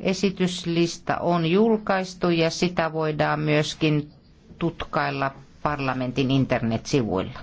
Esityslista on julkaistu ja sitä voidaan myöskin tutkailla parlamentin internetsivuilla.